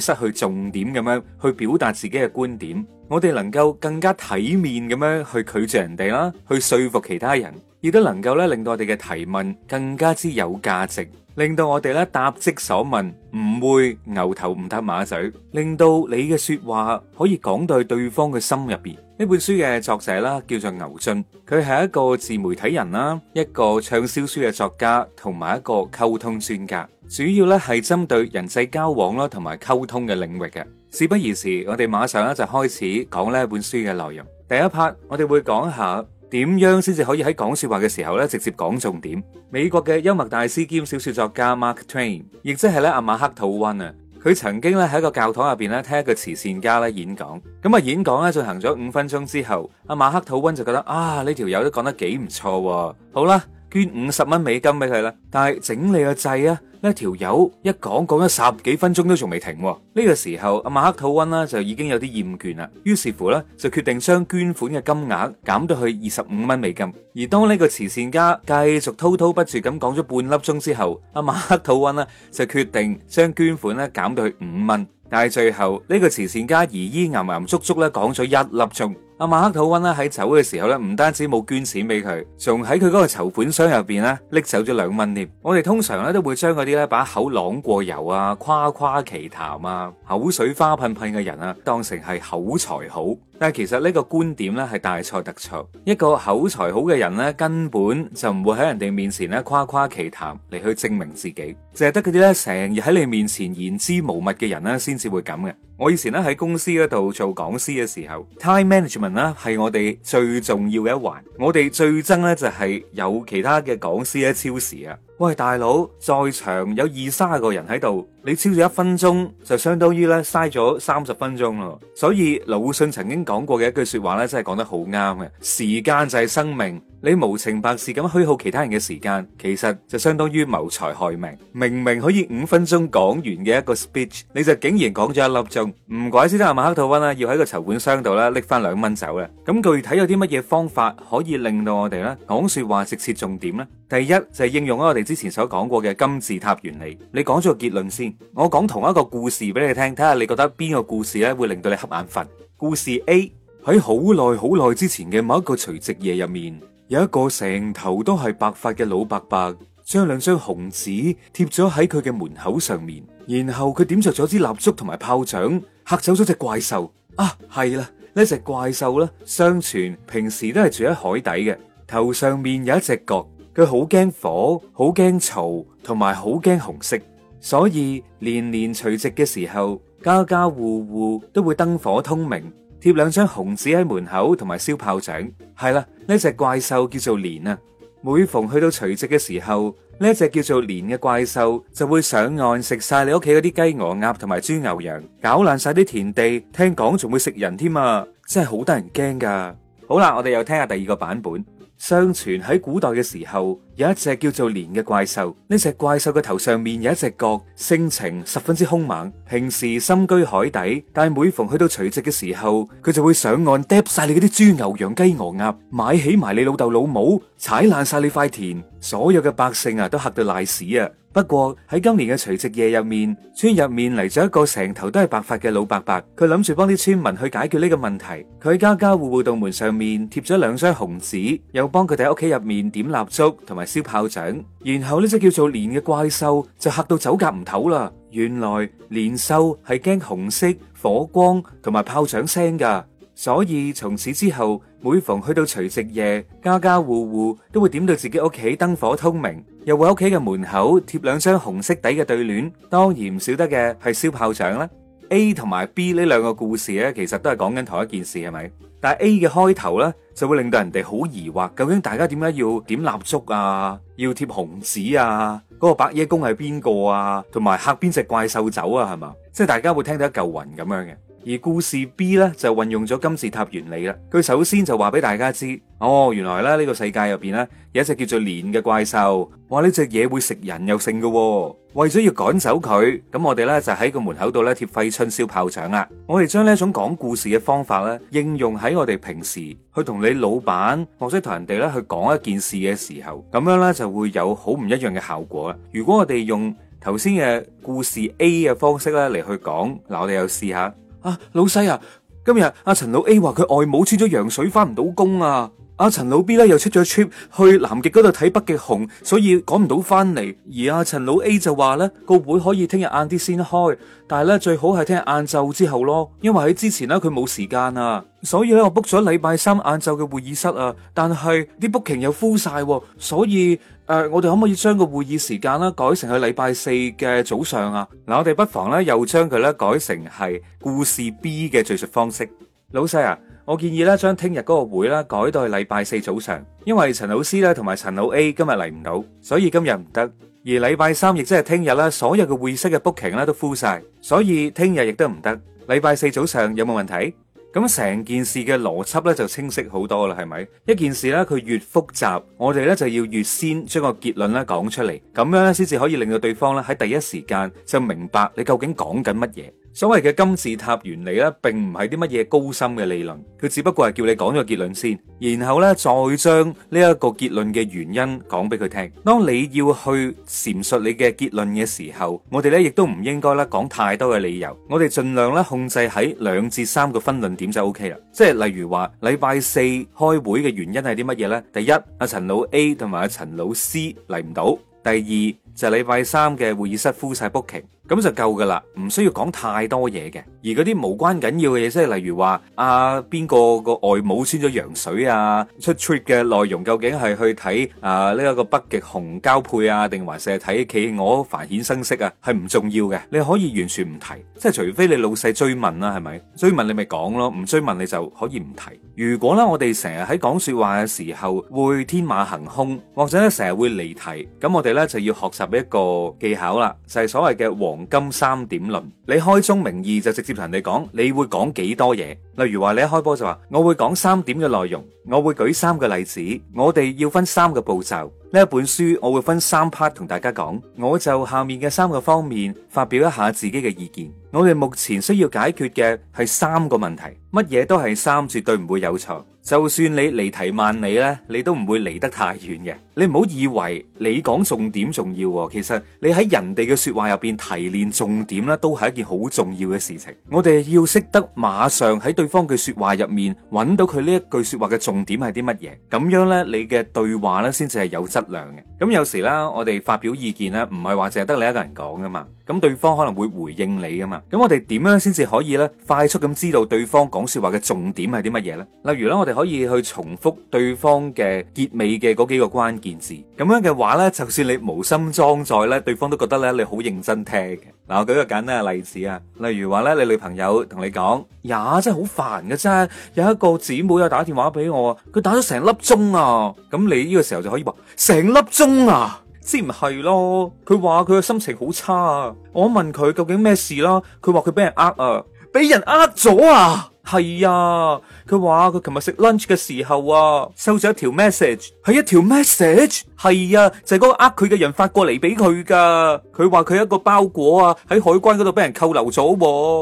失去重點咁樣去表達自己嘅觀點，我哋能夠更加體面咁樣去拒絕人哋啦，去說服其他人，亦都能夠咧令到我哋嘅提問更加之有價值。令到我哋咧答即所問，唔會牛頭唔搭馬嘴，令到你嘅說話可以講到去對方嘅心入邊。呢本書嘅作者啦，叫做牛津，佢係一個自媒體人啦，一個暢銷書嘅作家，同埋一個溝通專家，主要咧係針對人際交往啦同埋溝通嘅領域嘅。事不宜遲，我哋馬上咧就開始講呢本書嘅內容。第一 part，我哋會講下。點樣先至可以喺講說話嘅時候咧，直接講重點？美國嘅幽默大師兼小說作家 Mark Twain，亦即係咧阿馬克吐溫啊，佢曾經咧喺一個教堂入邊咧聽一個慈善家咧演講，咁啊演講咧進行咗五分鐘之後，阿馬克吐溫就覺得啊呢條友都講得幾唔錯喎啊，好啦。捐五十蚊美金俾佢啦，但係整理個掣啊，呢條友一講講咗十幾分鐘都仲未停。呢個時候，阿馬克吐溫呢就已經有啲厭倦啦，於是乎呢就決定將捐款嘅金額減到去二十五蚊美金。而當呢個慈善家繼續滔滔不絕咁講咗半粒鐘之後，阿馬克吐溫呢就決定將捐款呢減到去五蚊。但係最後呢個慈善家依依岩岩，足足咧講咗一粒鐘。阿馬克吐溫咧喺走嘅時候咧，唔單止冇捐錢俾佢，仲喺佢嗰個籌款箱入邊咧拎走咗兩蚊添。我哋通常咧都會將嗰啲咧把口朗過油啊、誇誇其談啊、口水花噴噴嘅人啊，當成係口才好。但係其實呢個觀點呢係大錯特錯，一個口才好嘅人呢根本就唔會喺人哋面前呢誇誇其談嚟去證明自己，淨係得嗰啲呢成日喺你面前言之無物嘅人呢先至會咁嘅。我以前呢喺公司嗰度做講師嘅時候，time management 呢係我哋最重要嘅一環，我哋最憎呢就係有其他嘅講師呢超時啊。喂，大佬，在場有二三十個人喺度，你超咗一分鐘，就相當於咧嘥咗三十分鐘咯。所以，魯迅曾經講過嘅一句説話咧，真係講得好啱嘅，時間就係生命。你無情白事咁虛耗其他人嘅時間，其實就相當於謀財害命。明明可以五分鐘講完嘅一個 speech，你就竟然講咗一粒鐘。唔怪之得阿馬克吐溫啦，要喺個籌款箱度啦，拎翻兩蚊走啦。咁具體有啲乜嘢方法可以令到我哋咧講說話直接重點咧？第一就係應用咗我哋之前所講過嘅金字塔原理。你講咗個結論先，我講同一個故事俾你聽，睇下你覺得邊個故事咧會令到你瞌眼瞓？故事 A 喺好耐好耐之前嘅某一個除夕夜入面。有一個成頭都係白髮嘅老伯伯，將兩張紅紙貼咗喺佢嘅門口上面，然後佢點着咗支蠟燭同埋炮仗，嚇走咗隻怪獸。啊，係啦，呢隻怪獸咧，相傳平時都係住喺海底嘅，頭上面有一隻角，佢好驚火，好驚嘈，同埋好驚紅色，所以年年除夕嘅時候，家家戶戶都會燈火通明。貼兩張紅紙喺門口，同埋燒炮仗。係啦，呢隻怪獸叫做蓮啊！每逢去到除夕嘅時候，呢隻叫做蓮嘅怪獸就會上岸食晒你屋企嗰啲雞鵝鴨同埋豬牛羊，搞爛晒啲田地。聽講仲會食人添啊！真係好得人驚噶。好啦，我哋又聽下第二個版本。相傳喺古代嘅時候。有一隻叫做年嘅怪獸，呢隻怪獸嘅頭上面有一隻角，性情十分之凶猛。平時深居海底，但係每逢去到除夕嘅時候，佢就會上岸，掟晒你嗰啲豬牛羊雞鵝鴨，買起埋你老豆老母，踩爛晒你塊田。所有嘅百姓啊，都嚇到瀨屎啊！不過喺今年嘅除夕夜入面，村入面嚟咗一個成頭都係白髮嘅老伯伯，佢諗住幫啲村民去解決呢個問題。佢喺家家戶戶道門上面貼咗兩張紅紙，又幫佢哋喺屋企入面點蠟燭，同埋。燒炮仗，然後呢隻叫做年嘅怪獸就嚇到走夾唔唞啦。原來年獸係驚紅色火光同埋炮仗聲噶，所以從此之後，每逢去到除夕夜，家家戶戶都會點到自己屋企燈火通明，又會喺屋企嘅門口貼兩張紅色底嘅對聯。當然唔少得嘅係燒炮仗啦。A 同埋 B 呢兩個故事咧，其實都係講緊同一件事係咪？但係 A 嘅開頭咧，就會令到人哋好疑惑，究竟大家點解要點蠟燭啊？要貼紅紙啊？嗰、那個白野公係邊個啊？同埋嚇邊隻怪獸走啊？係嘛？即係大家會聽到一嚿雲咁樣嘅。而故事 B 呢，就運用咗金字塔原理啦。佢首先就話俾大家知，哦，原來咧呢、這個世界入邊呢，有一隻叫做蓮嘅怪獸，話，呢隻嘢會食人又剩噶、哦。為咗要趕走佢，咁我哋呢就喺個門口度呢貼揮春燒炮仗啦。我哋將呢一種講故事嘅方法呢應用喺我哋平時去同你老闆或者同人哋呢去講一件事嘅時候，咁樣呢就會有好唔一樣嘅效果啦。如果我哋用頭先嘅故事 A 嘅方式呢嚟去講，嗱我哋又試下啊，老細啊，今日阿陳老 A 話佢外母穿咗羊水翻唔到工啊。阿陳、啊、老 B 咧又出咗 trip 去南極嗰度睇北極熊，所以趕唔到翻嚟。而阿、啊、陳老 A 就話咧個會可以聽日晏啲先開，但係咧最好係聽日晏晝之後咯，因為喺之前咧佢冇時間啊。所以咧我 book 咗禮拜三晏晝嘅會議室啊，但係啲 booking 又 full 晒，所以誒、呃、我哋可唔可以將個會議時間啦改成去禮拜四嘅早上啊？嗱我哋不妨咧又將佢咧改成係故事 B 嘅敘述方式，老細啊。我建議咧，將聽日嗰個會咧改到去禮拜四早上，因為陳老師咧同埋陳老 A 今日嚟唔到，所以今日唔得。而禮拜三亦即係聽日啦，所有嘅會室嘅 booking 啦都 full 晒，所以聽日亦都唔得。禮拜四早上有冇問題？咁成件事嘅邏輯咧就清晰好多啦，係咪？一件事咧佢越複雜，我哋咧就要越先將個結論咧講出嚟，咁樣咧先至可以令到對方咧喺第一時間就明白你究竟講緊乜嘢。所謂嘅金字塔原理咧，並唔係啲乜嘢高深嘅理論，佢只不過係叫你講咗個結論先，然後咧再將呢一個結論嘅原因講俾佢聽。當你要去闡述你嘅結論嘅時候，我哋咧亦都唔應該咧講太多嘅理由，我哋盡量咧控制喺兩至三個分論。點就 OK 啦，即係例如話，禮拜四開會嘅原因係啲乜嘢呢？第一，阿陳老 A 同埋阿陳老 C 嚟唔到；第二就係、是、禮拜三嘅會議室 full 晒 booking。咁就夠噶啦，唔需要講太多嘢嘅。而嗰啲無關緊要嘅嘢，即係例如話阿邊個個外母穿咗羊水啊，出 trip 嘅內容究竟係去睇啊呢一個北極熊交配啊，定還是係睇企鵝繁衍生息啊，係唔重要嘅。你可以完全唔提，即係除非你老細追問啦，係咪？追問你咪講咯，唔追問你就可以唔提。如果咧，我哋成日喺講說話嘅時候會天馬行空，或者咧成日會離題，咁我哋咧就要學習一個技巧啦，就係所謂嘅黃金三點論。你開宗明義就直接同人哋講，你會講幾多嘢？例如話你一開波就話，我會講三點嘅內容，我會舉三個例子，我哋要分三個步驟。呢本書我會分三 part 同大家講，我就下面嘅三個方面發表一下自己嘅意見。我哋目前需要解決嘅係三個問題，乜嘢都係三，絕對唔會有錯。就算你離題萬里咧，你都唔會離得太遠嘅。你唔好以為你講重點重要，其實你喺人哋嘅說話入邊提煉重點咧，都係一件好重要嘅事情。我哋要識得馬上喺對方嘅說話入面揾到佢呢一句說話嘅重點係啲乜嘢，咁樣咧，你嘅對話咧先至係有質量嘅。咁有時啦，我哋發表意見咧，唔係話淨係得你一個人講噶嘛，咁對方可能會回應你噶嘛。咁我哋點樣先至可以咧快速咁知道對方講說話嘅重點係啲乜嘢呢？例如咧，我哋。可以去重複對方嘅結尾嘅嗰幾個關鍵字，咁樣嘅話呢，就算你無心裝載呢，對方都覺得呢你好認真聽。嗱，我舉一個簡單嘅例子啊，例如話呢，你女朋友同你講，呀、yeah，真係好煩嘅啫，有一個姊妹又打電話俾我啊，佢打咗成粒鐘啊，咁你呢個時候就可以話，成粒鐘啊，即唔係咯？佢話佢嘅心情好差啊，我問佢究竟咩事啦，佢話佢俾人呃啊，俾人呃咗啊。係啊，佢話佢琴日食 lunch 嘅時候啊，收咗一條 message，係一條 message，係啊，就係嗰個呃佢嘅人發過嚟俾佢噶。佢話佢一個包裹啊，喺海關嗰度俾人扣留咗，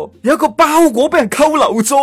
啊，有一個包裹俾人扣留咗。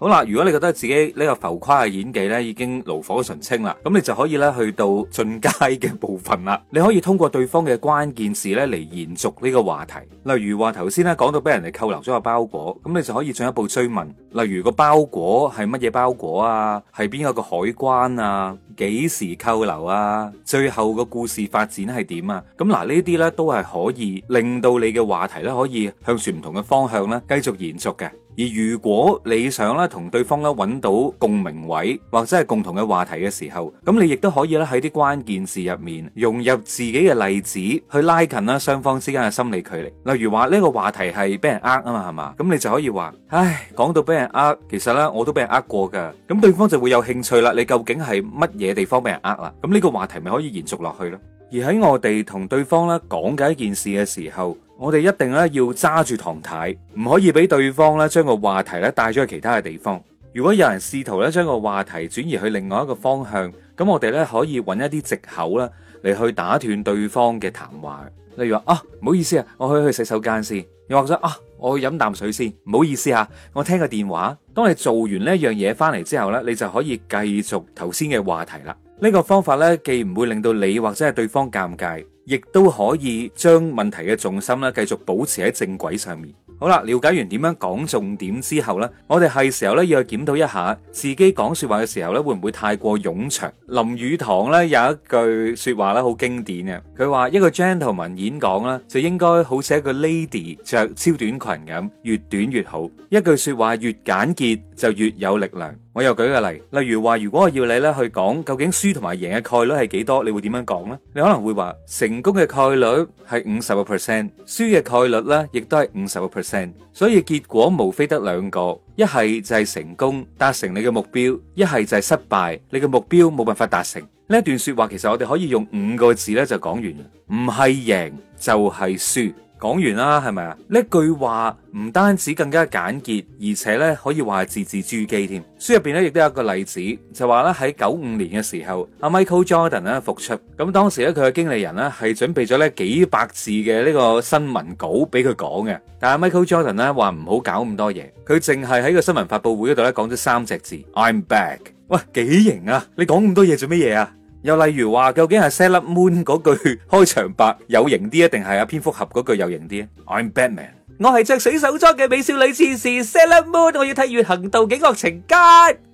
好啦，如果你覺得自己呢個浮誇嘅演技呢，已經爐火純青啦，咁你就可以呢去到進階嘅部分啦。你可以通過對方嘅關鍵字呢嚟延續呢個話題，例如話頭先呢講到俾人哋扣留咗個包裹，咁你就可以進一步追問，例如個包裹係乜嘢包裹啊，係邊個個海關啊，幾時扣留啊，最後個故事發展係點啊？咁嗱，呢啲呢都係可以令到你嘅話題呢可以向住唔同嘅方向呢繼續延續嘅。而如果你想咧同對方咧揾到共鳴位或者係共同嘅話題嘅時候，咁你亦都可以咧喺啲關鍵字入面融入自己嘅例子去拉近啦雙方之間嘅心理距離。例如話呢個話題係俾人呃啊嘛，係嘛？咁你就可以話，唉，講到俾人呃，其實咧我都俾人呃過噶。咁對方就會有興趣啦。你究竟係乜嘢地方俾人呃啦？咁呢個話題咪可以延續落去咯。而喺我哋同對方咧講緊一件事嘅時候。我哋一定咧要揸住唐太，唔可以俾對方咧將個話題咧帶咗去其他嘅地方。如果有人試圖咧將個話題轉移去另外一個方向，咁我哋咧可以揾一啲藉口咧嚟去打斷對方嘅談話。例如話啊，唔好意思啊，我去去洗手間先。又或者：「啊，我去飲啖水先。」唔好意思吓，我聽個電話。當你做完呢一樣嘢翻嚟之後呢，你就可以繼續頭先嘅話題啦。呢個方法咧，既唔會令到你或者係對方尷尬，亦都可以將問題嘅重心咧，繼續保持喺正軌上面。好啦，了解完點樣講重點之後咧，我哋係時候咧要去檢討一下自己講說話嘅時候咧，會唔會太過冗長？林語堂咧有一句說話咧好經典嘅，佢話一個 gentleman 演講咧就應該好似一個 lady 着超短裙咁，越短越好。一句說話越簡潔就越有力量。我又舉個例，例如話，如果我要你咧去講，究竟輸同埋贏嘅概率係幾多，你會點樣講呢？你可能會話成功嘅概率係五十個 percent，輸嘅概率咧亦都係五十個 percent，所以結果無非得兩個，一係就係成功達成你嘅目標，一係就係失敗，你嘅目標冇辦法達成呢一段說話。其實我哋可以用五個字咧就講完，唔係贏就係輸。講完啦，係咪啊？呢句話唔單止更加簡潔，而且呢可以話係字字珠璣添。書入邊呢亦都有一個例子，就話咧喺九五年嘅時候，阿 Michael Jordan 咧復出，咁當時呢，佢嘅經理人呢係準備咗呢幾百字嘅呢個新聞稿俾佢講嘅，但係 Michael Jordan 呢話唔好搞咁多嘢，佢淨係喺個新聞發布會嗰度呢講咗三隻字：I'm back。喂，幾型啊！你講咁多嘢做乜嘢啊？又例如話，究竟係《Sailor Moon》嗰句開場白有型啲，定係《阿蝙蝠俠》嗰句有型啲？I'm Batman，我係着水手裝嘅美少女戰士 Sailor Moon，我要睇《月行道警惡情間》，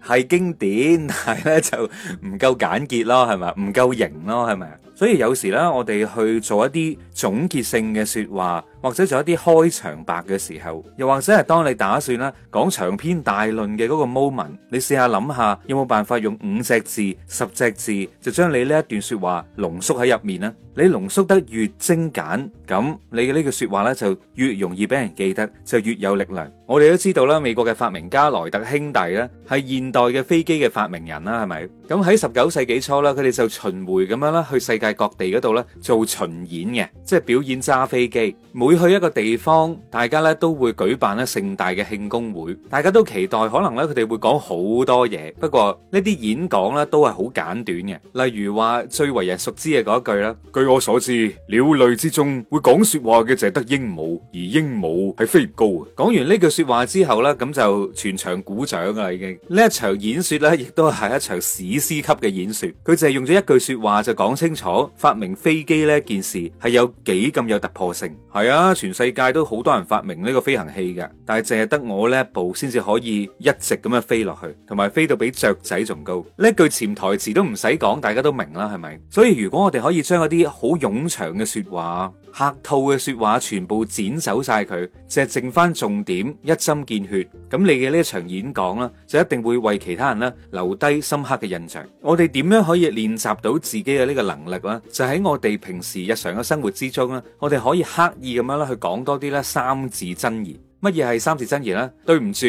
係經典，但係咧就唔夠簡潔咯，係咪？唔夠型咯，係咪？所以有時咧，我哋去做一啲總結性嘅説話。或者做一啲開場白嘅時候，又或者係當你打算咧講長篇大論嘅嗰個 moment，你試下諗下有冇辦法用五隻字，十隻字就將你呢一段說話濃縮喺入面呢？你濃縮得越精簡，咁你嘅呢句說話呢就越容易俾人記得，就越有力量。我哋都知道啦，美國嘅發明家萊特兄弟呢係現代嘅飛機嘅發明人啦，係咪？咁喺十九世紀初啦，佢哋就巡迴咁樣啦去世界各地嗰度呢做巡演嘅，即係表演揸飛機冇。每去一個地方，大家咧都會舉辦咧盛大嘅慶功會，大家都期待可能咧佢哋會講好多嘢。不過呢啲演講咧都係好簡短嘅，例如話最為人熟知嘅嗰一句啦。據我所知，鳥類之中會講說話嘅就係得鸚鵡，而鸚鵡係飛唔高啊。講完呢句說話之後咧，咁就全場鼓掌啦。已經呢一場演說咧，亦都係一場史詩級嘅演說。佢淨係用咗一句說話就講清楚發明飛機呢件事係有幾咁有突破性。係啊。啊，全世界都好多人發明呢個飛行器嘅，但係淨係得我呢一部先至可以一直咁樣飛落去，同埋飛到比雀仔仲高。呢句潛台詞都唔使講，大家都明啦，係咪？所以如果我哋可以將嗰啲好冗長嘅說話、客套嘅說話全部剪走晒佢，淨係剩返重點、一針見血，咁你嘅呢一場演講呢，就一定會為其他人呢留低深刻嘅印象。我哋點樣可以練習到自己嘅呢個能力呢？就喺我哋平時日常嘅生活之中呢，我哋可以刻意咁。去講多啲咧，三字真言，乜嘢係三字真言咧？對唔住，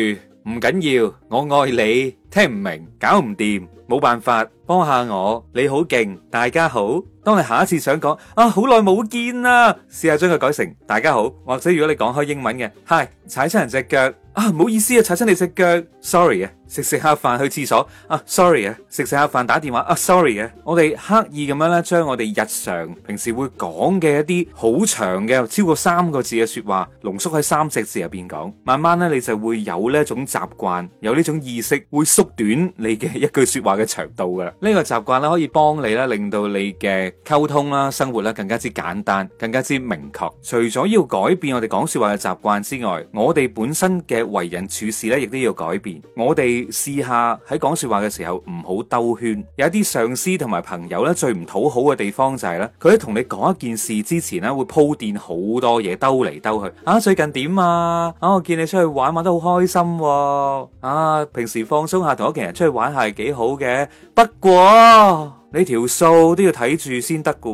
唔緊要，我愛你，聽唔明，搞唔掂，冇辦法。幫下我，你好勁，大家好。當你下一次想講啊，好耐冇見啦，試下將佢改成大家好，或者如果你講開英文嘅，Hi，踩親人隻腳啊，唔好意思啊，踩親你隻腳，Sorry 啊，食食下飯去廁所啊，Sorry 啊，食食下飯打電話啊，Sorry 啊，我哋刻意咁樣咧，將我哋日常平時會講嘅一啲好長嘅超過三個字嘅說話，濃縮喺三隻字入邊講，慢慢咧你就會有呢一種習慣，有呢種意識，會縮短你嘅一句說話嘅長度噶。呢個習慣咧可以幫你咧，令到你嘅溝通啦、啊、生活咧、啊、更加之簡單、更加之明確。除咗要改變我哋講說話嘅習慣之外，我哋本身嘅為人處事咧、啊，亦都要改變。我哋試下喺講說話嘅時候唔好兜圈。有一啲上司同埋朋友咧、啊，最唔討好嘅地方就係、是、咧，佢喺同你講一件事之前咧、啊，會鋪墊好多嘢兜嚟兜去。啊，最近點啊，啊？我見你出去玩玩得好開心喎、啊。啊，平時放鬆下，同屋企人出去玩下係幾好嘅。不哇！你條數都要睇住先得噶，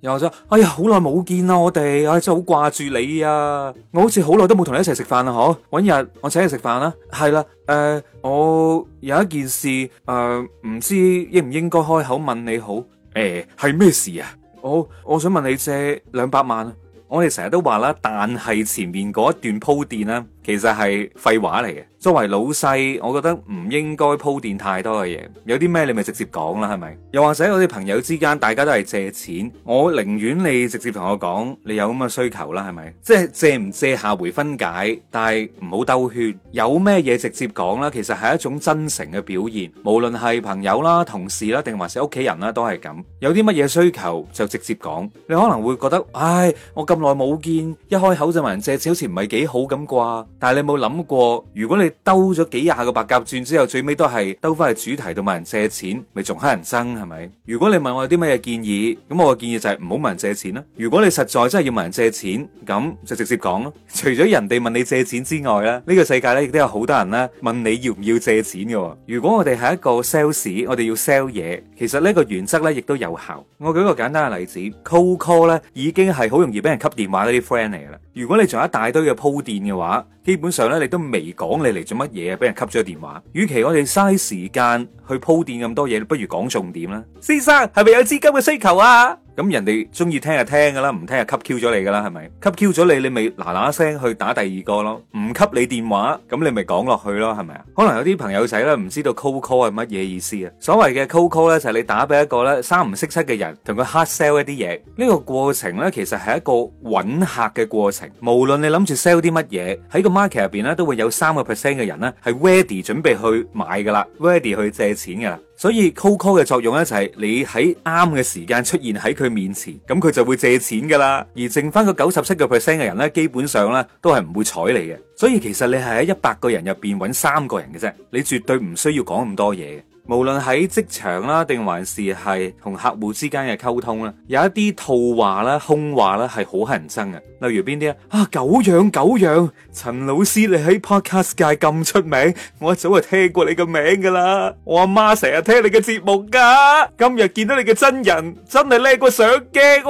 又或者，哎呀，好耐冇見啦，我哋啊真係好掛住你啊！我好似好耐都冇同你一齊食飯啦，嗬，搵日我請你食飯啦。係啦，誒、呃，我有一件事誒，唔、呃、知應唔應該開口問你好？誒、欸，係咩事啊？我我想問你借兩百萬啊！我哋成日都話啦，但係前面嗰一段鋪墊咧，其實係廢話嚟嘅。作為老細，我覺得唔應該鋪墊太多嘅嘢，有啲咩你咪直接講啦，係咪？又或者我啲朋友之間，大家都係借錢，我寧願你直接同我講，你有咁嘅需求啦，係咪？即係借唔借下回分解，但係唔好兜圈，有咩嘢直接講啦。其實係一種真誠嘅表現，無論係朋友啦、同事啦、定還是屋企人啦，都係咁。有啲乜嘢需求就直接講。你可能會覺得，唉，我咁耐冇見，一開口就問人借錢，好似唔係幾好咁啩。但係你冇諗過，如果你兜咗幾廿個白鴿轉之後，最尾都係兜翻去主題度問人借錢，咪仲乞人憎係咪？如果你問我有啲咩嘢建議，咁我嘅建議就係唔好問人借錢啦。如果你實在真係要問人借錢，咁就直接講咯。除咗人哋問你借錢之外咧，呢、呢個世界咧亦都有好多人咧問你要唔要借錢嘅、哦。如果我哋係一個 sales，我哋要 sell 嘢，其實呢個原則咧亦都有效。我舉個簡單嘅例子 cold call 咧已經係好容易俾人吸電話嗰啲 friend 嚟噶啦。如果你仲有一大堆嘅鋪墊嘅話，基本上咧你都未講你嚟。做乜嘢啊俾人吸咗電話。與其我哋嘥時間去鋪墊咁多嘢，不如講重點啦。先生，係咪有資金嘅需求啊？咁人哋中意聽就聽噶啦，唔聽就 cut Q 咗你噶啦，係咪？cut Q 咗你，你咪嗱嗱聲去打第二個咯。唔給你電話，咁你咪講落去咯，係咪啊？可能有啲朋友仔咧唔知道 cold call 係乜嘢意思啊？所謂嘅 cold call 咧，就係你打俾一個咧三唔識七嘅人，同佢 hard sell 一啲嘢。呢、這個過程咧，其實係一個揾客嘅過程。無論你諗住 sell 啲乜嘢，喺個 market 入邊咧都會有三個 percent 嘅人咧係 ready 準備去買噶啦，ready 去借錢噶啦。所以 Cold call 嘅作用咧，就係、是、你喺啱嘅時間出現喺佢面前，咁佢就會借錢噶啦。而剩翻個九十七嘅 percent 嘅人咧，基本上咧都係唔會睬你嘅。所以其實你係喺一百個人入邊揾三個人嘅啫，你絕對唔需要講咁多嘢。無論喺職場啦，定還是係同客戶之間嘅溝通啦，有一啲套話啦、空話啦，係好乞人憎嘅。例如邊啲啊？啊，久仰久仰，陳老師你喺 Podcast 界咁出名，我一早就聽過你嘅名噶啦。我阿媽成日聽你嘅節目噶。今日見到你嘅真人，真係叻過上鏡。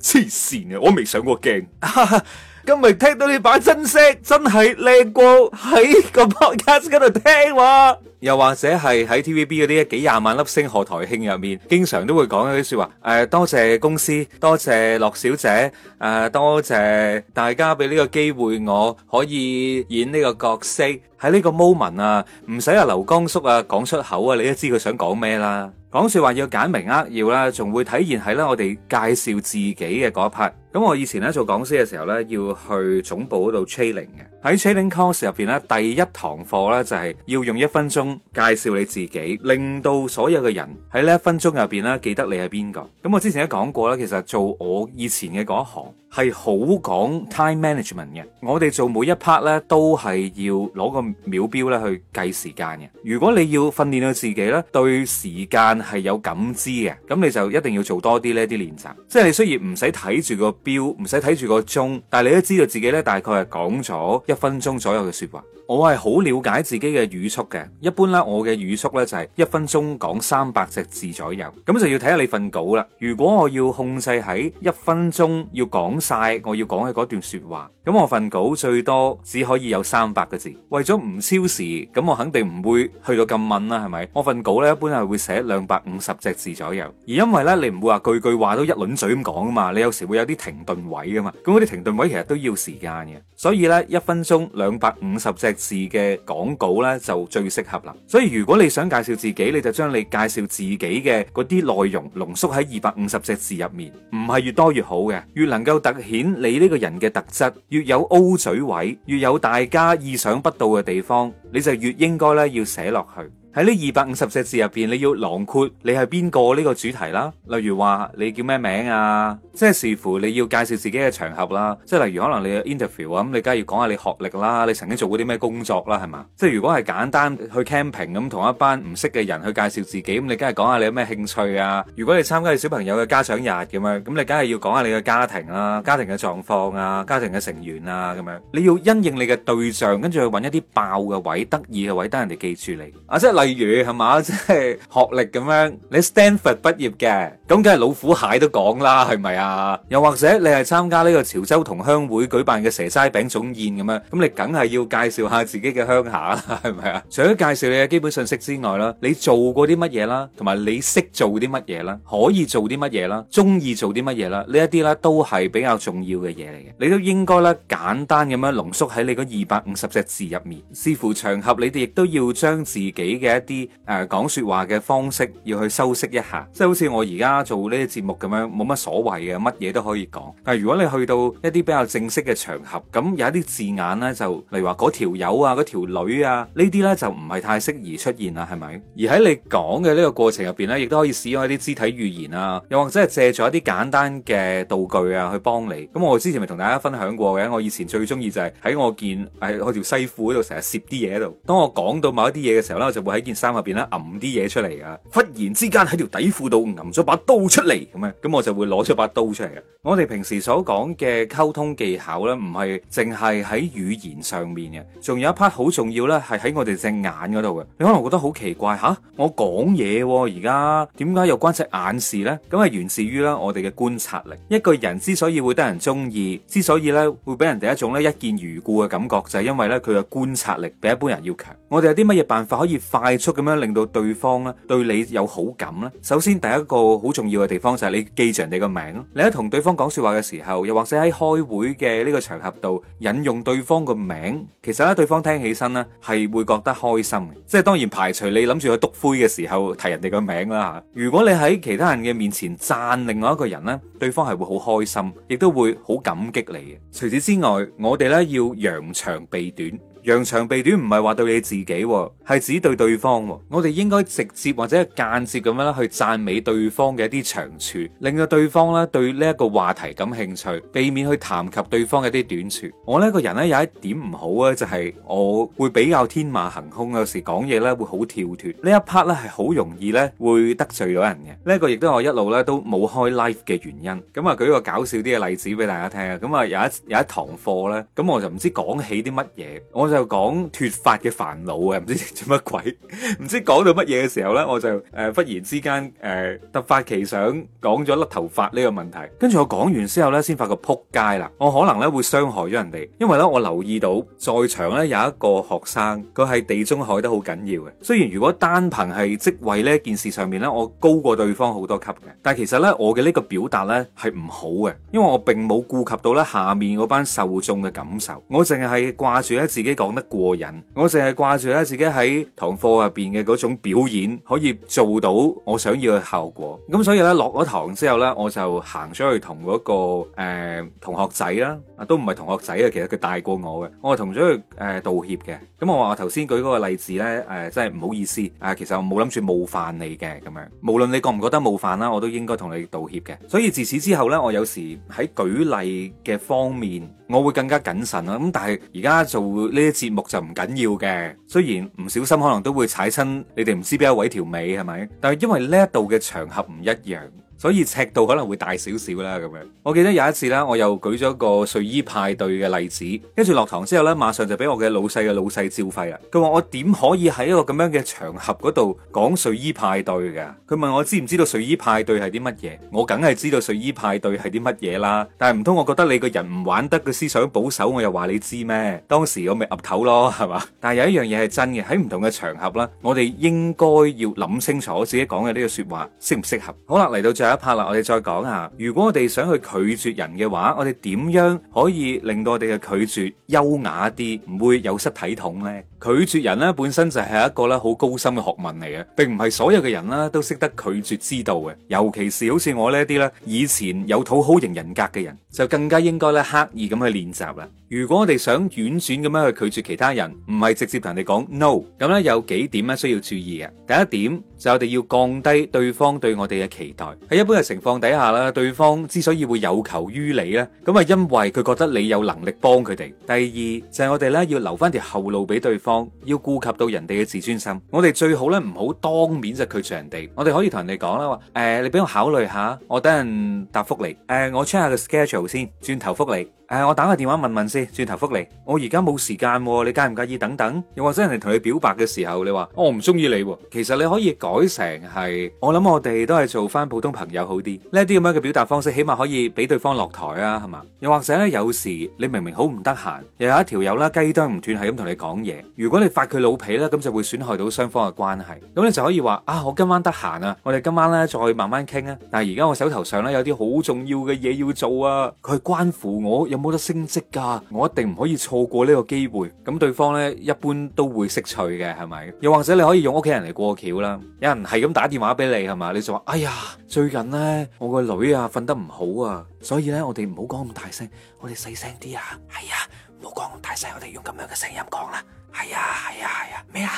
黐線啊！我未上過鏡。哈哈！今日聽到你把真聲，真係叻過喺個 Podcast 嗰度聽喎。又或者係喺 TVB 嗰啲幾廿萬粒星賀台慶入面，經常都會講嗰啲説話。誒、呃，多謝公司，多謝樂小姐，誒、呃，多謝大家俾呢個機會，我可以演呢個角色。喺呢個 moment 啊，唔使阿劉江叔啊講出口啊，你都知佢想講咩啦。講説話要簡明扼要啦，仲會體現喺咧，我哋介紹自己嘅嗰一 part。咁我以前咧做講師嘅時候咧，要去總部嗰度 training 嘅。喺 training course 入邊咧，第一堂課咧就係要用一分鐘，介紹你自己，令到所有嘅人喺呢一分鐘入邊啦，記得你係邊個。咁我之前都講過啦，其實做我以前嘅嗰一行係好講 time management 嘅。我哋做每一 part 呢都係要攞個秒錶咧去計時間嘅。如果你要訓練到自己呢對時間係有感知嘅，咁你就一定要做多啲呢啲練習。即係你雖然唔使睇住個錶，唔使睇住個鐘，但係你都知道自己呢大概係講咗一分鐘左右嘅説話。我係好了解自己嘅語速嘅，一般，般咧，我嘅語速呢，就係一分鐘講三百隻字左右，咁就要睇下你份稿啦。如果我要控制喺一分鐘要講晒，我要講嘅嗰段說話。咁我份稿最多只可以有三百個字，為咗唔超時，咁我肯定唔會去到咁悶啦，係咪？我份稿咧一般係會寫兩百五十隻字左右，而因為咧你唔會話句句話都一輪嘴咁講啊嘛，你有時會有啲停頓位噶嘛，咁嗰啲停頓位其實都要時間嘅，所以咧一分鐘兩百五十隻字嘅講稿咧就最適合啦。所以如果你想介紹自己，你就將你介紹自己嘅嗰啲內容濃縮喺二百五十隻字入面，唔係越多越好嘅，越能夠突顯你呢個人嘅特質，越有 O 嘴位，越有大家意想不到嘅地方，你就越應該咧要寫落去。喺呢二百五十隻字入邊，你要囊括你係邊個呢個主題啦。例如話，你叫咩名啊？即係視乎你要介紹自己嘅場合啦，即係例如可能你 interview 啊、嗯，咁你梗係要講下你學歷啦，你曾經做過啲咩工作啦，係嘛？即係如果係簡單去 camping 咁、嗯，同一班唔識嘅人去介紹自己，咁、嗯、你梗係講下你有咩興趣啊？如果你參加你小朋友嘅家長日咁樣，咁、嗯、你梗係要講下你嘅家庭啊，家庭嘅狀況啊，家庭嘅成員啊，咁樣你要因應你嘅對象，跟住去搵一啲爆嘅位、得意嘅位，等人哋記住你啊！即係例如係嘛，即係學歷咁樣，你 Stanford 畢業嘅，咁梗係老虎蟹都講啦，係咪啊？啊！又或者你係參加呢個潮州同鄉會舉辦嘅蛇齋餅糭宴咁樣，咁你梗係要介紹下自己嘅鄉下啦，係咪啊？除咗介紹你嘅基本信息之外啦，你做過啲乜嘢啦，同埋你識做啲乜嘢啦，可以做啲乜嘢啦，中意做啲乜嘢啦？呢一啲咧都係比較重要嘅嘢嚟嘅，你都應該咧簡單咁樣濃縮喺你嗰二百五十隻字入面。視乎場合，你哋亦都要將自己嘅一啲誒講說話嘅方式要去修飾一下，即係好似我而家做呢啲節目咁樣，冇乜所謂嘅。有乜嘢都可以講，但係如果你去到一啲比較正式嘅場合，咁有一啲字眼呢，就例如話嗰條友啊、嗰條女啊，呢啲呢，就唔係太適宜出現啦，係咪？而喺你講嘅呢個過程入邊呢，亦都可以使用一啲肢體語言啊，又或者係借助一啲簡單嘅道具啊，去幫你。咁我之前咪同大家分享過嘅，我以前最中意就係喺我件誒我條西褲度成日攝啲嘢喺度。當我講到某一啲嘢嘅時候呢，我就會喺件衫入邊咧揞啲嘢出嚟啊！忽然之間喺條底褲度揞咗把刀出嚟咁樣，咁我就會攞出把刀。出嚟嘅，我哋平時所講嘅溝通技巧呢，唔係淨係喺語言上面嘅，仲有一 part 好重要呢，係喺我哋隻眼嗰度嘅。你可能覺得好奇怪吓、啊，我講嘢而家點解又關隻眼事呢？咁係源自於呢，我哋嘅觀察力。一個人之所以會得人中意，之所以呢，會俾人哋一種呢一見如故嘅感覺，就係、是、因為呢，佢嘅觀察力比一般人要強。我哋有啲乜嘢辦法可以快速咁樣令到對方呢，對你有好感呢？首先，第一個好重要嘅地方就係你記住人哋個名。你喺同對方講說話嘅時候，又或者喺開會嘅呢個場合度引用對方個名，其實咧，對方聽起身呢係會覺得開心嘅。即係當然排除你諗住去篤灰嘅時候提人哋個名啦。如果你喺其他人嘅面前讚另外一個人呢，對方係會好開心，亦都會好感激你嘅。除此之外，我哋咧，要揚長避短。揚長避短唔係話對你自己，係指對對方。我哋應該直接或者間接咁樣去讚美對方嘅一啲長處，令到對方咧對呢一個話題感興趣，避免去談及對方嘅一啲短處。我呢一個人咧有一點唔好啊，就係、是、我會比較天馬行空，有時講嘢咧會好跳脱。呢一 part 咧係好容易咧會得罪到人嘅。呢、這、一個亦都係我一路咧都冇開 live 嘅原因。咁啊，舉個搞笑啲嘅例子俾大家聽啊。咁啊，有一有一堂課呢，咁我就唔知講起啲乜嘢，我。我就講脫髮嘅煩惱啊，唔知做乜鬼，唔知講到乜嘢嘅時候呢，我就誒忽然之間誒，呃，突發奇想，講咗甩頭髮呢個問題。跟住我講完之後呢，先發覺撲街啦。我可能呢會傷害咗人哋，因為呢，我留意到在場呢有一個學生，佢係地中海得好緊要嘅。雖然如果單憑係職位呢件事上面呢，我高過對方好多級嘅，但其實呢，我嘅呢個表達呢係唔好嘅，因為我並冇顧及到呢下面嗰班受眾嘅感受，我淨係掛住呢自己。講得過癮，我淨係掛住咧自己喺堂課入邊嘅嗰種表演，可以做到我想要嘅效果。咁所以咧落咗堂之後咧，我就行咗去同嗰、那個誒、呃、同學仔啦、啊，都唔係同學仔啊，其實佢大過我嘅。我同咗佢誒道歉嘅。咁我話我頭先舉嗰個例子咧，誒、呃、真係唔好意思啊，其實我冇諗住冒犯你嘅咁樣。無論你覺唔覺得冒犯啦，我都應該同你道歉嘅。所以自此之後咧，我有時喺舉例嘅方面，我會更加謹慎啦。咁但係而家做呢？節目就唔緊要嘅，雖然唔小心可能都會踩親你哋唔知邊一位條尾係咪？但係因為呢一度嘅場合唔一樣。所以尺度可能會大少少啦咁樣。我記得有一次啦，我又舉咗個睡衣派對嘅例子，跟住落堂之後呢，馬上就俾我嘅老細嘅老細照肺啦。佢話我點可以喺一個咁樣嘅場合度講睡衣派對㗎？佢問我知唔知道睡衣派對係啲乜嘢？我梗係知道睡衣派對係啲乜嘢啦。但係唔通我覺得你個人唔玩得，個思想保守，我又話你知咩？當時我咪噏頭咯，係嘛？但係有一樣嘢係真嘅，喺唔同嘅場合啦，我哋應該要諗清楚自己講嘅呢個説話適唔適合。好啦，嚟到最後。拍啦，我哋再講下。如果我哋想去拒絕人嘅話，我哋點樣可以令到我哋嘅拒絕優雅啲，唔會有失體統呢？拒絕人咧本身就係一個咧好高深嘅學問嚟嘅，並唔係所有嘅人啦都識得拒絕之道嘅。尤其是好似我呢啲咧以前有討好型人格嘅人，就更加應該咧刻意咁去練習啦。如果我哋想婉轉咁樣去拒絕其他人，唔係直接同人哋講 no 咁咧，有幾點咧需要注意嘅？第一點就我哋要降低對方對我哋嘅期待一般嘅情況底下啦，對方之所以會有求於你咧，咁啊因為佢覺得你有能力幫佢哋。第二就係我哋咧要留翻條後路俾對方，要顧及到人哋嘅自尊心。我哋最好咧唔好當面就拒絕人哋。我哋可以同人哋講啦話，誒，你俾我考慮下，我等陣答覆你。誒，我 check 下個 schedule 先，轉頭覆你。誒，我打個電話問問先，轉頭覆你。我而家冇時間，你介唔介意等等？又或者人哋同你表白嘅時候，你話我唔中意你，其實你可以改成係，我諗我哋都係做翻普通朋友。有好啲呢啲咁樣嘅表達方式，起碼可以俾對方落台啊，係嘛？又或者咧，有時你明明好唔得閒，又有，有一條友啦，雞啄唔斷係咁同你講嘢。如果你發佢老脾啦，咁就會損害到雙方嘅關係。咁你就可以話啊，我今晚得閒啊，我哋今晚咧再慢慢傾啊。但係而家我手頭上咧有啲好重要嘅嘢要做啊，佢關乎我有冇得升職噶啊，我一定唔可以錯過呢個機會。咁對方咧一般都會識趣嘅，係咪？又或者你可以用屋企人嚟過橋啦，有人係咁打電話俾你係嘛？你就話哎呀，最。近咧，我個女啊瞓得唔好啊，所以咧我哋唔好講咁大聲，我哋細聲啲啊。係啊、哎，唔好講咁大聲，我哋用咁樣嘅聲音講啦。係、哎、啊，係、哎、啊，係、哎、啊，咩啊，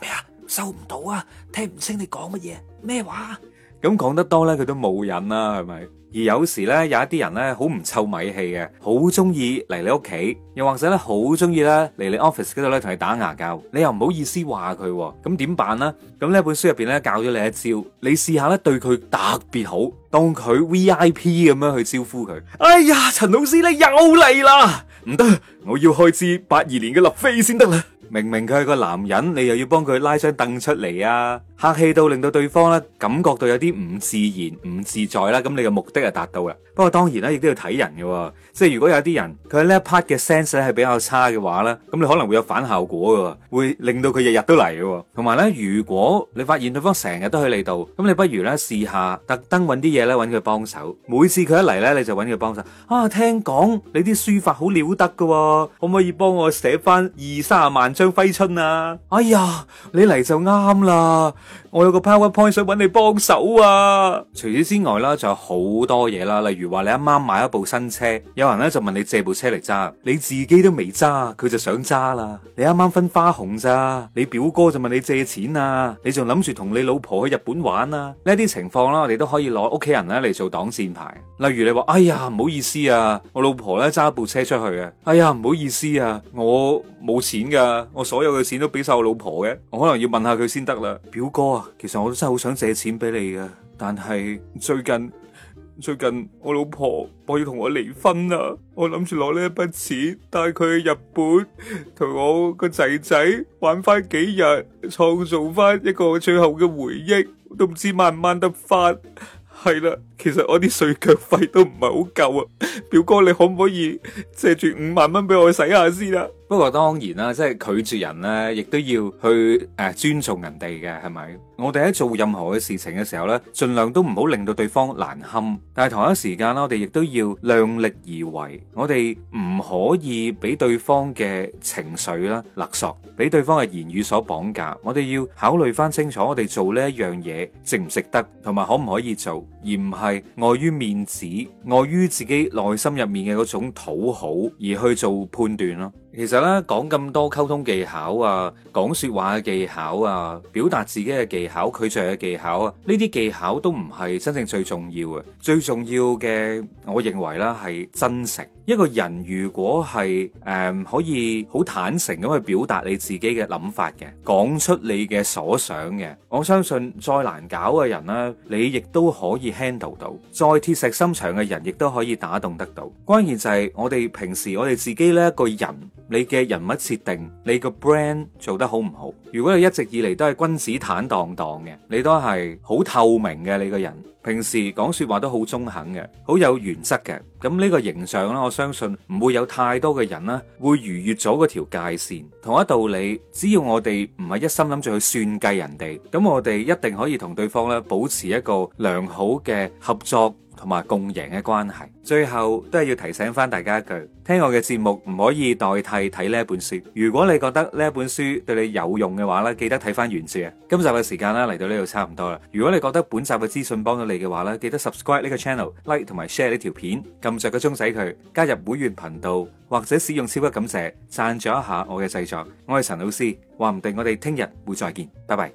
咩啊，收唔到啊，聽唔清你講乜嘢，咩話？咁講得多咧，佢都冇癮啦，係咪？而有時咧，有一啲人咧，好唔臭米氣嘅，好中意嚟你屋企，又或者咧，好中意咧嚟你 office 嗰度咧，同你打牙鉸，你又唔好意思話佢，咁點辦呢？咁呢本書入邊咧，教咗你一招，你試下咧，對佢特別好，當佢 VIP 咁樣去招呼佢。哎呀，陳老師咧又嚟啦，唔得，我要開支八二年嘅立飛先得啦。明明佢係個男人，你又要幫佢拉張凳出嚟啊！客氣到令到對方咧感覺到有啲唔自然、唔自在啦。咁你嘅目的係達到啦。不過當然咧，亦都要睇人嘅、喎，即係如果有啲人佢喺呢一 part 嘅 sense 咧係比較差嘅話咧，咁你可能會有反效果嘅，會令到佢日日都嚟嘅。同埋咧，如果你發現對方成日都去你度，咁你不如咧試下特登揾啲嘢咧揾佢幫手。每次佢一嚟咧，你就揾佢幫手。啊，聽講你啲書法好了得嘅、啊，可唔可以幫我寫翻二三十萬張張揮春啊！哎呀，你嚟就啱啦。我有個 PowerPoint 想揾你幫手啊！除此之外啦，仲有好多嘢啦，例如話你啱啱買一部新車，有人咧就問你借部車嚟揸，你自己都未揸，佢就想揸啦。你啱啱分花紅咋，你表哥就問你借錢啊，你仲諗住同你老婆去日本玩啊。呢啲情況啦，我哋都可以攞屋企人咧嚟做擋箭牌。例如你話：哎呀，唔好意思啊，我老婆咧揸部車出去啊。哎呀，唔好意思啊，我冇錢噶，我所有嘅錢都俾晒我老婆嘅，我可能要問下佢先得啦。表哥啊！其實我都真係好想借錢俾你嘅，但係最近最近我老婆我要同我離婚啦，我諗住攞呢一筆錢帶佢去日本同我個仔仔玩翻幾日，創造翻一個最後嘅回憶，都唔知掹唔掹得翻。係啦，其實我啲水腳費都唔係好夠啊，表哥你可唔可以借住五萬蚊俾我使下先啦，啊？不過當然啦，即係拒絕人咧，亦都要去誒、啊、尊重人哋嘅，係咪？我哋喺做任何嘅事情嘅時候咧，盡量都唔好令到對方難堪。但係同一時間啦，我哋亦都要量力而為。我哋唔可以俾對方嘅情緒啦勒索，俾對方嘅言語所綁架。我哋要考慮翻清楚我，我哋做呢一樣嘢，值唔值得，同埋可唔可以做。而唔係礙於面子、礙於自己內心入面嘅嗰種討好而去做判斷咯。其實咧講咁多溝通技巧啊、講說話嘅技巧啊、表達自己嘅技巧、拒絕嘅技巧啊，呢啲技巧都唔係真正最重要嘅。最重要嘅，我認為咧係真誠。一個人如果係誒、嗯、可以好坦誠咁去表達你自己嘅諗法嘅，講出你嘅所想嘅，我相信再難搞嘅人啦，你亦都可以 handle 到，再鐵石心腸嘅人亦都可以打動得到。關鍵就係我哋平時我哋自己呢一個人。你嘅人物設定，你個 brand 做得好唔好？如果你一直以嚟都係君子坦蕩蕩嘅，你都係好透明嘅，你個人平時講說話都好中肯嘅，好有原則嘅。咁呢個形象啦，我相信唔會有太多嘅人啦，會逾越咗嗰條界線。同一道理，只要我哋唔係一心諗住去算計人哋，咁我哋一定可以同對方咧保持一個良好嘅合作。同埋共贏嘅關係，最後都係要提醒翻大家一句：聽我嘅節目唔可以代替睇呢一本書。如果你覺得呢一本書對你有用嘅話咧，記得睇翻原著啊！今集嘅時間啦，嚟到呢度差唔多啦。如果你覺得本集嘅資訊幫到你嘅話咧，記得 subscribe 呢個 channel、like 同埋 share 呢條片，撳著個鐘仔佢，加入會員頻道或者使用超級感謝，贊助一下我嘅製作。我係陳老 C，話唔定我哋聽日會再見，拜拜。